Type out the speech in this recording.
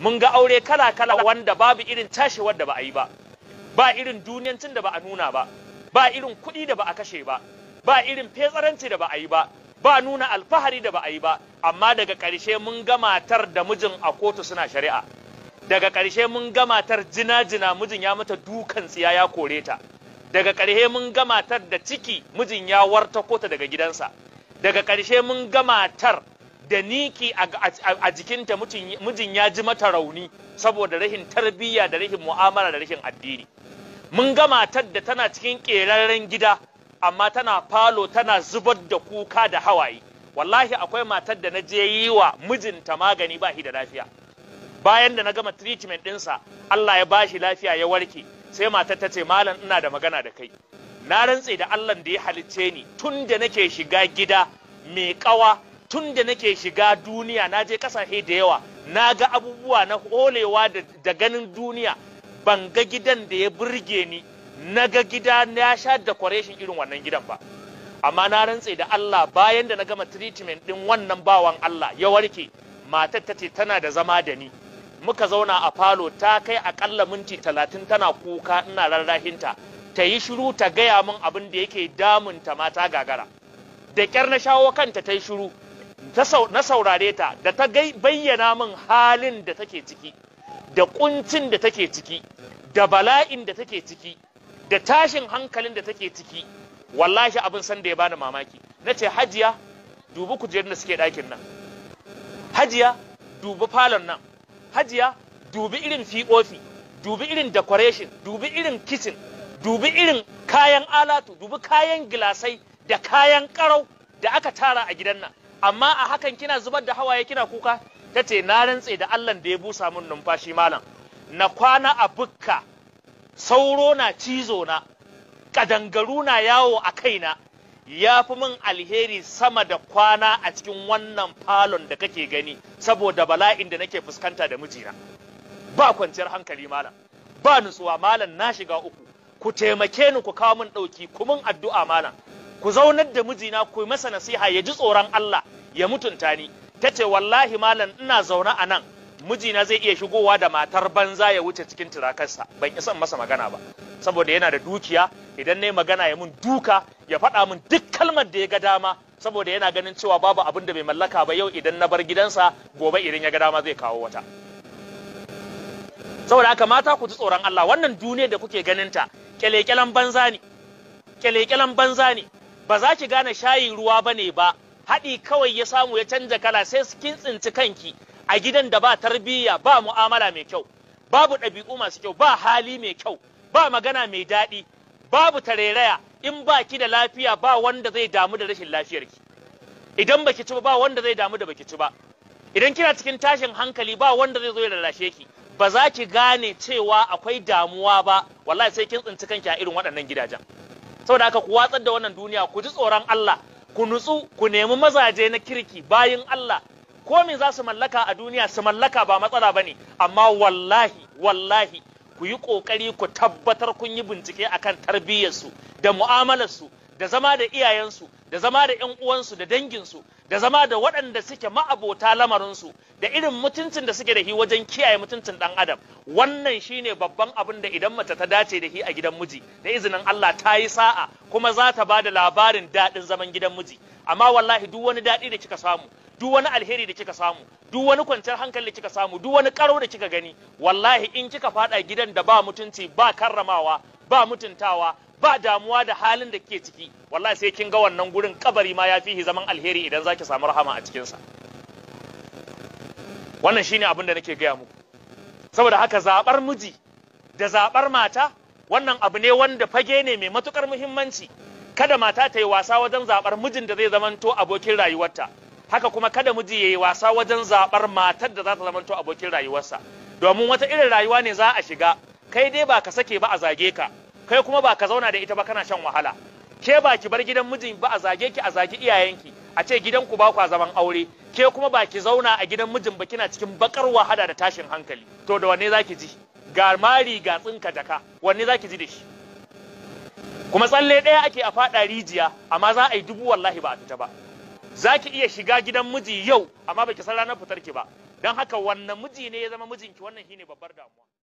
mun ga aure kala-kala wanda babu irin tashi wadda ba a yi ba ba irin duniyancin da ba a nuna ba ba irin kuɗi da ba a kashe ba ba irin fetsaranci da ba a yi ba ba nuna alfahari da ba a yi ba amma daga ƙarshe mun ga matar da mijin a kotu suna shari'a daga ƙarshe mun ga matar jina-jina mijin ya mata dukan tsiya ya kore ta daga ƙarshe mun ga matar da ciki mijin ya warta kota daga gidansa daga ƙarshe mun ga matar da niki a jikinta mijin ya ji mata rauni saboda rahin tarbiyya da rahin mu'amala da rahin addini mun ga matar da tana cikin ƙerarren gida amma tana falo tana zubar da kuka da hawaye wallahi akwai matar da na je yi wa mijinta magani ba shi da lafiya bayan da na gama treatment ɗinsa Allah ya bashi lafiya ya warke sai matar ta ce malam ina da magana da kai na rantse da Allah da ya halicce ni tun da nake shiga gida mai ƙawa tun da nake shiga duniya na je kasashe da yawa na ga abubuwa na holewa da ganin duniya ban ga gidan da ya burge ni na ga gida na sha decoration irin wannan gidan ba amma na rantse da Allah bayan da na gama treatment din wannan bawan Allah ya warke matar ta ce tana da zama da ni muka zauna a falo ta kai akalla minti talatin tana kuka ina rarrahinta ta yi shiru ta gaya min abin da yake damunta mata gagara da kyar na shawo kanta ta yi shiru na saurare ta da ta bayyana min halin da take ciki da kuncin da take ciki da bala'in da take ciki da tashin hankalin da take ciki wallahi abin sanda da ya bani mamaki na ce hajiya dubi kujerun da suke ɗakin nan hajiya dubi falon nan hajiya dubi irin fiofi dubi irin decoration dubi irin kicin. dubi irin kayan alatu dubi kayan gilasai da kayan ƙarau da aka tara a gidan nan amma a hakan kina zubar da hawaye kina kuka ta ce na rantse da Allah da ya busa min numfashi malam na kwana a bukka sauro na cizo na kadangaru na yawo a kaina ya fi min alheri sama da kwana a cikin wannan falon da kake gani saboda bala'in da nake fuskanta da mijina ba kwanciyar hankali malam ba nutsuwa malam na shiga uku ku taimake ni ku kawo min ɗauki kumin addu'a malam ku zaunar da mijina ku masa nasiha ya ji tsoron Allah ya mutunta ni ta ce wallahi malam ina zaune a nan mijina zai iya shigowa da matar banza ya wuce cikin turakarsa ban isa masa magana ba saboda yana da dukiya idan na magana ya mun duka ya faɗa mun duk kalmar da ya ga dama saboda yana ganin cewa babu abin da bai mallaka ba yau idan na bar gidansa gobe idan ya ga dama zai kawo wata saboda haka mata ku ji tsoron Allah wannan duniyar da kuke ganinta kyalekyalen banza ne kyalekyalen banza ne ba za ki gane shayin ruwa ba ne ba haɗi kawai ya samu ya canza kala sai kin tsinci kanki a gidan da ba tarbiyya ba mu'amala mai kyau babu ɗabi'u masu kyau ba hali mai kyau ba magana mai daɗi babu tarairaya in ba ki da lafiya ba wanda zai damu da rashin lafiyarki idan baki ci ba wanda zai damu da baki ci ba idan kina cikin tashin hankali ba wanda zai zo ya lalashe ki ba za ki gane cewa akwai damuwa ba wallahi sai kin tsinci kanki a irin waɗannan gidajen saboda haka ku watsar da wannan duniya ku ji tsoron Allah ku nutsu ku nemi mazaje na kirki bayin Allah ko me za su mallaka a duniya su mallaka ba matsala bane amma wallahi wallahi ku yi ƙoƙari ku tabbatar kun yi bincike akan tarbiyyarsu da su da zama da iyayensu da zama da 'yan uwansu da danginsu da zama da waɗanda suke ma'abota lamarinsu da irin mutuncin da suke da shi wajen kiyaye mutuncin ɗan adam wannan shine babban abin da idan mace ta dace da shi a gidan miji da izinin Allah ta yi sa'a kuma za ta ba da labarin daɗin zaman gidan miji amma wallahi duk wani daɗi da kika samu duk wani alheri da kika samu duk wani kwanciyar hankali da kika samu duk wani karo da kika gani wallahi in kika faɗa gidan da ba mutunci ba karramawa ba mutuntawa ba damuwa da halin da ke ciki wallahi sai kin ga wannan gurin kabari ma ya fihi zaman alheri idan zaki samu rahama a cikinsa wannan shine abin da nake gaya muku saboda haka zaɓar miji da zaɓar mata wannan abu ne wanda fage ne mai matukar muhimmanci kada mata ta yi wasa wajen zabar mijin da zai zamanto abokin rayuwarta haka kuma kada miji ya yi wasa wajen zaɓar matar da za ta zamanto abokin rayuwarsa domin wata irin rayuwa ne za a shiga kai dai ba ka sake ba a zage ka kai kuma ba ka zauna da ita ba kana shan wahala ke ba ki bar gidan mijin ba a zage ki a zage iyayenki a ce gidan ku ba zaman aure ke kuma ba ki zauna a gidan mijin ba kina cikin bakar wahala da tashin hankali to da wanne zaki ji ga mari ga tsinka jaka wanne zaki ji da shi kuma tsalle ɗaya ake a faɗa rijiya amma za a yi dubu wallahi ba a fita ba za ki iya shiga gidan miji yau amma baki san ranar fitar ki ba don haka wannan miji ne ya zama mijinki wannan shine babbar damuwa